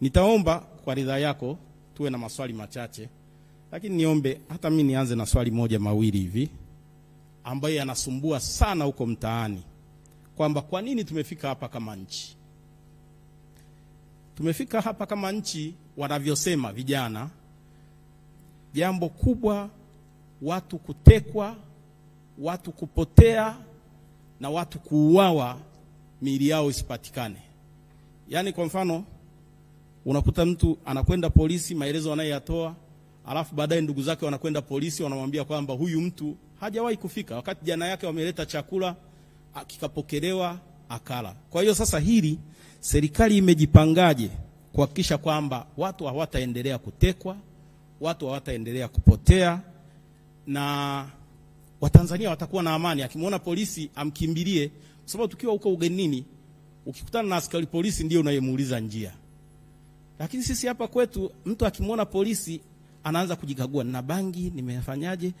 Nitaomba kwa ridhaa yako tuwe na maswali machache, lakini niombe hata mimi nianze na swali moja mawili hivi ambayo yanasumbua sana huko mtaani, kwamba kwa nini tumefika hapa kama nchi. Tumefika hapa kama nchi, wanavyosema vijana, jambo kubwa, watu kutekwa, watu kupotea na watu kuuawa, miili yao isipatikane. Yaani kwa mfano Unakuta mtu anakwenda polisi, maelezo anayoyatoa, alafu baadaye ndugu zake wanakwenda polisi, wanamwambia kwamba huyu mtu hajawahi kufika, wakati jana yake wameleta chakula kikapokelewa akala. Kwa hiyo sasa hili serikali imejipangaje kuhakikisha kwamba watu hawataendelea kutekwa, watu hawataendelea kupotea na Watanzania watakuwa na amani, akimwona polisi amkimbilie, kwa sababu tukiwa huko ugenini ukikutana na askari polisi ndio unayemuuliza njia. Lakini sisi hapa kwetu mtu akimwona polisi anaanza kujikagua, nina bangi, nimefanyaje?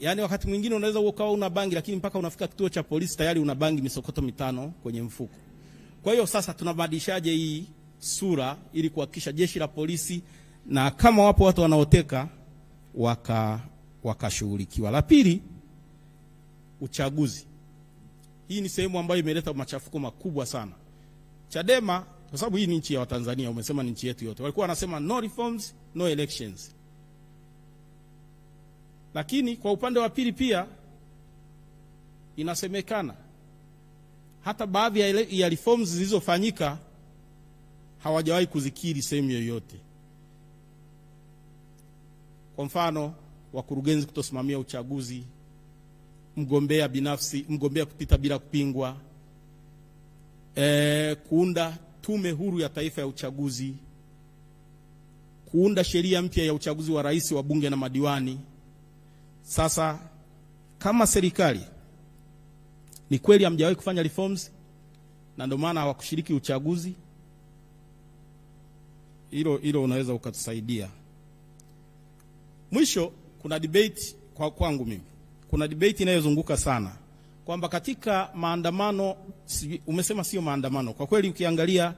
Yaani wakati mwingine unaweza ukawa una bangi, lakini mpaka unafika kituo cha polisi tayari una bangi misokoto mitano kwenye mfuko. Kwa hiyo sasa tunabadilishaje hii sura ili kuhakikisha jeshi la polisi na kama wapo watu wanaoteka waka wakashughulikiwa. La pili, uchaguzi. Hii ni sehemu ambayo imeleta machafuko makubwa sana. Chadema kwa sababu hii ni nchi ya Watanzania, umesema ni nchi yetu yote. Walikuwa wanasema no reforms no elections, lakini kwa upande wa pili pia inasemekana hata baadhi ya, ya reforms zilizofanyika hawajawahi kuzikiri sehemu yoyote. Kwa mfano, wakurugenzi kutosimamia uchaguzi, mgombea binafsi, mgombea kupita bila kupingwa, e, kuunda Tume Huru ya Taifa ya Uchaguzi kuunda sheria mpya ya uchaguzi wa rais, wa bunge na madiwani. Sasa kama serikali ni kweli hamjawahi kufanya reforms na ndio maana hawakushiriki uchaguzi, hilo hilo unaweza ukatusaidia. Mwisho, kuna debate kwa kwangu mimi, kuna debate inayozunguka sana kwamba katika maandamano, umesema sio maandamano. Kwa kweli ukiangalia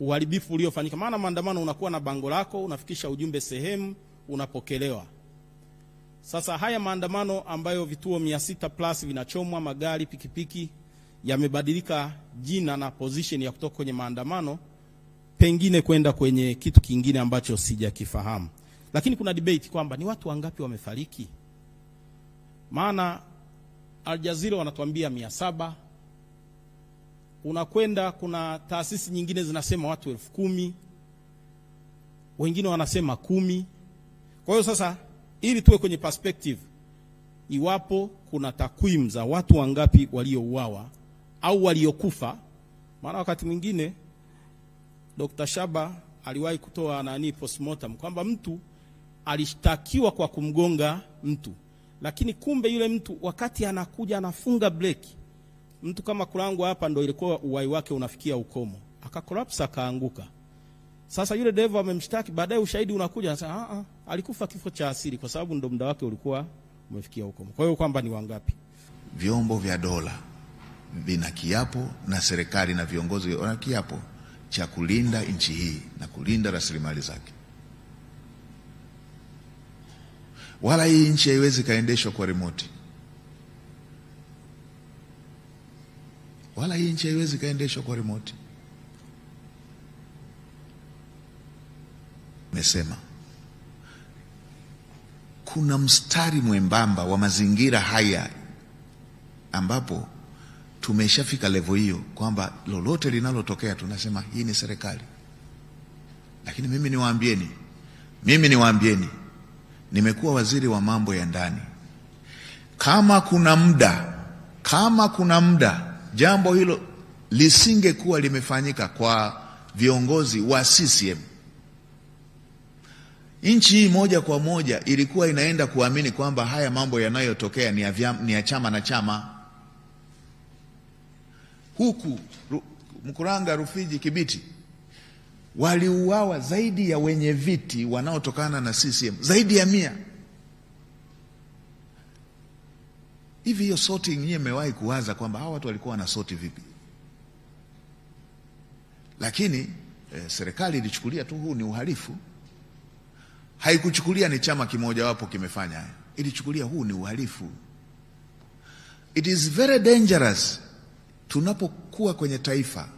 uharibifu uliofanyika, maana maandamano unakuwa na bango lako, unafikisha ujumbe sehemu, unapokelewa. Sasa haya maandamano ambayo vituo sita plus vinachomwa, magari, pikipiki, yamebadilika jina na position ya kutoka kwenye maandamano pengine kwenda kwenye kitu kingine ambacho sijakifahamu, lakini kuna debate kwamba ni watu wangapi wamefariki, maana Al Jazeera wanatuambia mia saba unakwenda kuna taasisi nyingine zinasema watu elfu kumi wengine wanasema kumi. Kwa hiyo sasa, ili tuwe kwenye perspective, iwapo kuna takwimu za watu wangapi waliouawa au waliokufa, maana wakati mwingine Dr. Shaba aliwahi kutoa nani postmortem kwamba mtu alishtakiwa kwa kumgonga mtu lakini kumbe yule mtu wakati anakuja anafunga breki, mtu kama kulangu hapa ndo ilikuwa uwai wake unafikia ukomo, akakolapsa akaanguka. Sasa yule dereva amemshtaki, baadaye ushahidi unakuja anasema a ah, a, ah, alikufa kifo cha asili kwa sababu ndo muda wake ulikuwa umefikia ukomo. Kwa hiyo kwamba ni wangapi? Vyombo vya dola vina kiapo na serikali na viongozi wana kiapo cha kulinda nchi hii na kulinda rasilimali zake. wala hii nchi haiwezi kaendeshwa kwa remote, wala hii nchi haiwezi kaendeshwa kwa remote. mesema kuna mstari mwembamba wa mazingira haya ambapo tumeshafika levo hiyo kwamba lolote linalotokea tunasema hii ni serikali. Lakini mimi niwaambieni, mimi niwaambieni nimekuwa waziri wa mambo ya ndani. Kama kuna muda, kama kuna muda, jambo hilo lisingekuwa limefanyika kwa viongozi wa CCM, nchi hii moja kwa moja ilikuwa inaenda kuamini kwamba haya mambo yanayotokea ni ya, ni ya chama na chama. Huku Mkuranga, Rufiji, Kibiti waliuawa zaidi ya wenye viti wanaotokana na CCM zaidi ya mia. Hivi hiyo sorting, nyie mmewahi kuwaza kwamba hawa watu walikuwa soti vipi? Lakini eh, serikali ilichukulia tu huu ni uhalifu, haikuchukulia ni chama kimojawapo kimefanya, ilichukulia huu ni uhalifu. It is very dangerous tunapokuwa kwenye taifa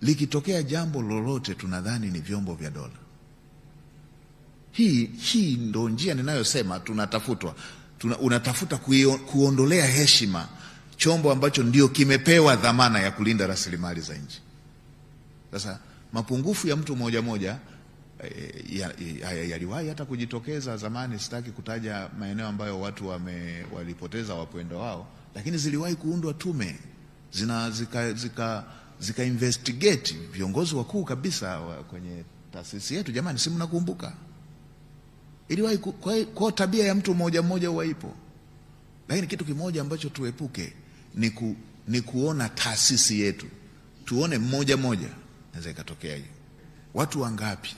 likitokea jambo lolote, tunadhani ni vyombo vya dola. Hii, hii ndo njia ninayosema tunatafutwa tuna, unatafuta kuondolea heshima chombo ambacho ndio kimepewa dhamana ya kulinda rasilimali za nchi. Sasa mapungufu ya mtu moja moja eh, yaliwahi hata kujitokeza zamani. Sitaki kutaja maeneo ambayo watu wame, walipoteza wapendwa wao, lakini ziliwahi kuundwa tume zina zika, zika zikainvestigate viongozi wakuu kabisa wa kwenye taasisi yetu. Jamani, si mnakumbuka iliwahi kwa tabia ya mtu mmoja mmoja huwa ipo, lakini kitu kimoja ambacho tuepuke ni, ku, ni kuona taasisi yetu tuone mmoja mmoja, naweza ikatokea hiyo. Watu wangapi?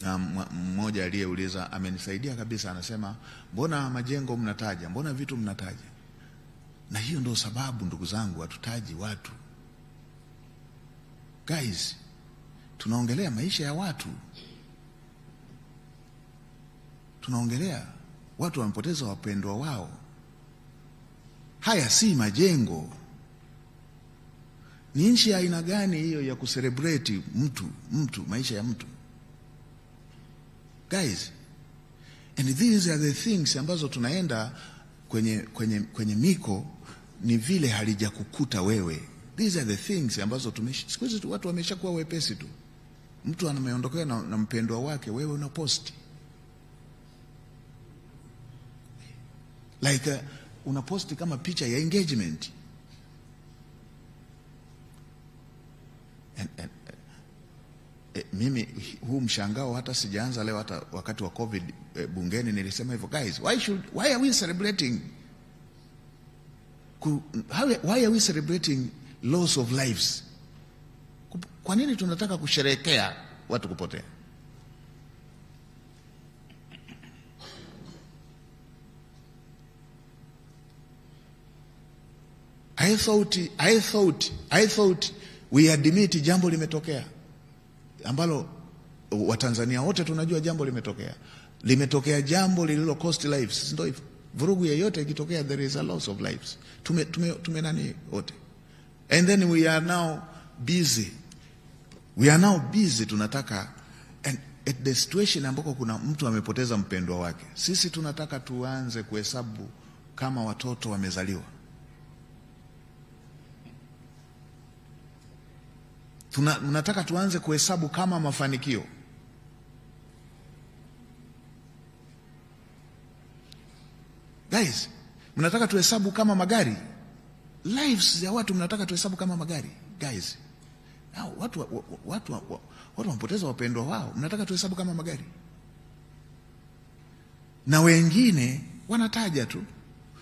Na mmoja aliyeuliza amenisaidia kabisa, anasema mbona majengo mnataja, mbona vitu mnataja na hiyo ndio sababu ndugu zangu, hatutaji watu guys, tunaongelea maisha ya watu, tunaongelea watu wamepoteza wapendwa wao. Haya si majengo. Ni nchi ya aina gani hiyo ya kuserebreti mtu mtu maisha ya mtu guys? And these are the things ambazo tunaenda kwenye, kwenye, kwenye miko ni vile halijakukuta wewe. These are the things ambazo siku hizi watu wameshakuwa wepesi tu. Mtu ameondokewa na, na mpendwa wake, wewe una posti like uh, una posti kama picha ya engagement and, and, E, mimi huu mshangao hata sijaanza leo. Hata wakati wa COVID e, bungeni nilisema hivyo, guys why should, why are we celebrating why are we celebrating loss of lives? Kwa nini tunataka kusherehekea watu kupotea? I thought, I thought, I thought we admit jambo limetokea ambalo Watanzania wote tunajua jambo limetokea, limetokea jambo lililo cost lives, si hivyo? vurugu yeyote ikitokea, there is a loss of lives. Tume, tume, tume nani wote, and then we are now busy, we are now busy tunataka and at the situation ambako kuna mtu amepoteza mpendwa wake, sisi tunataka tuanze kuhesabu kama watoto wamezaliwa. Tunataka tuanze kuhesabu kama mafanikio. Guys, mnataka tuhesabu kama magari? Lives ya watu mnataka tuhesabu kama magari? Guys, Now, watu watu watu watu wamepoteza wapendwa wao, mnataka tuhesabu kama magari? Na wengine wanataja tu,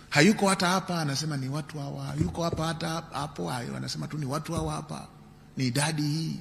hayuko hata hapa, anasema ni watu hawa, yuko hapa hata hapo, hayo anasema tu ni watu hawa hapa, ni idadi hii.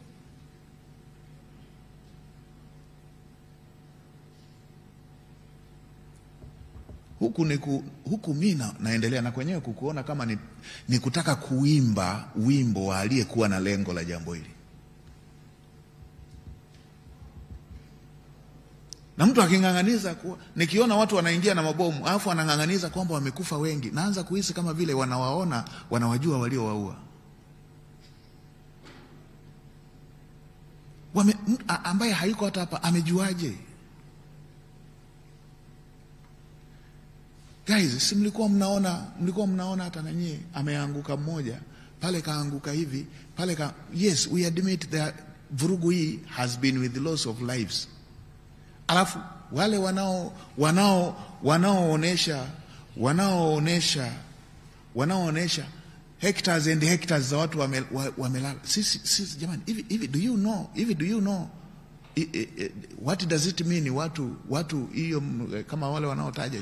huku, niku, huku mi naendelea na kwenyewe kukuona kama ni, ni kutaka kuimba wimbo wa aliyekuwa na lengo la jambo hili. Na mtu aking'ang'aniza kuwa, nikiona watu wanaingia na mabomu alafu anang'ang'aniza kwamba wamekufa wengi, naanza kuhisi kama vile wanawaona wanawajua waliowaua wame, ambaye hayuko hata hapa amejuaje? Guys, si mlikuwa mnaona, mlikuwa mnaona hata nanyi ameanguka mmoja pale kaanguka hivi pale ka... Yes, we admit that vurugu hii has been with the loss of lives. Alafu wale wanao wanao wanaoonesha wanaoonesha wanaoonesha hectares and hectares za watu wamelala wame sisi, sisi jamani, hivi hivi, do you know hivi, do you know I, I, I, what does it mean watu watu hiyo kama wale wanaotaja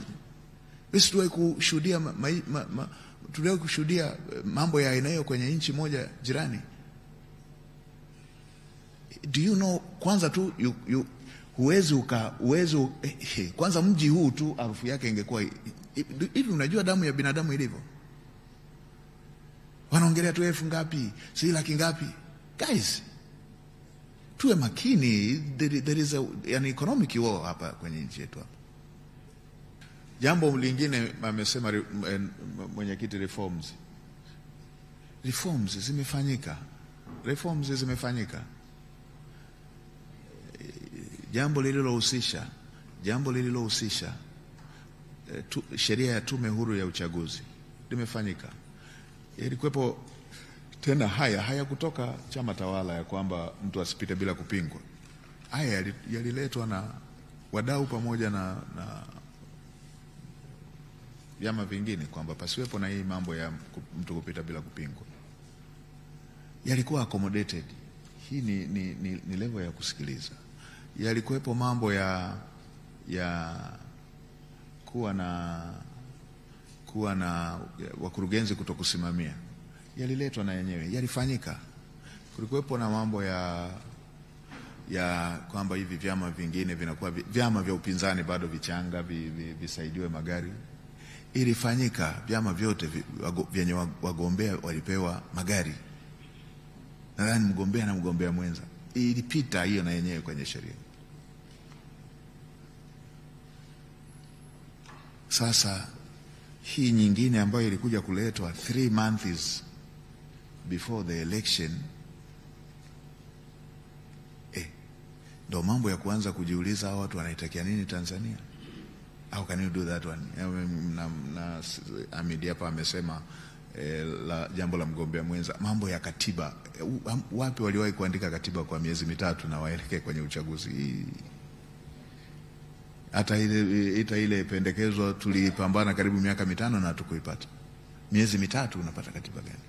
sisi tuliwahi kushuhudia ma, ma, ma, ma, tuliwahi kushuhudia eh, mambo ya aina hiyo kwenye nchi moja jirani. Do you know, kwanza tu you, you, huwezi uka huwezi eh, eh, kwanza mji huu tu harufu yake ingekuwa hivi. Unajua damu ya binadamu ilivyo, wanaongelea tu elfu ngapi, si laki ngapi? Guys, tuwe makini, there, there is a, an economic war hapa kwenye nchi yetu hapa. Jambo lingine amesema mwenyekiti, reforms reforms zimefanyika, reforms zimefanyika. Jambo lililohusisha jambo lililohusisha e, sheria ya Tume Huru ya Uchaguzi limefanyika. Ilikuwepo tena, haya hayakutoka chama tawala ya kwamba mtu asipite bila kupingwa. Haya yaliletwa na wadau pamoja na, na vyama vingine kwamba pasiwepo na hii mambo ya mtu kupita bila kupingwa, yalikuwa accommodated. Hii ni, ni, ni, ni level ya kusikiliza. Yalikuwepo mambo ya ya kuwa na kuwa na wakurugenzi kutokusimamia, yaliletwa na yenyewe, yalifanyika. Kulikuwepo na mambo ya ya kwamba hivi vyama vingine vinakuwa vyama vya upinzani bado vichanga, visaidiwe magari ilifanyika, vyama vyote vyenye wagombea walipewa magari, nadhani mgombea na mgombea mwenza, ilipita hiyo na yenyewe kwenye sheria. Sasa hii nyingine ambayo ilikuja kuletwa three months before the election eh, ndo eh, mambo ya kuanza kujiuliza hawa watu wanaitakia nini Tanzania. How can you do that one? Na, na Amidi hapa amesema eh, la jambo la mgombea mwenza, mambo ya katiba. Wapi waliwahi kuandika katiba kwa miezi mitatu na waelekee kwenye uchaguzi? Hata ile, ita ile pendekezo tulipambana karibu miaka mitano na tukuipata Miezi mitatu unapata katiba gani?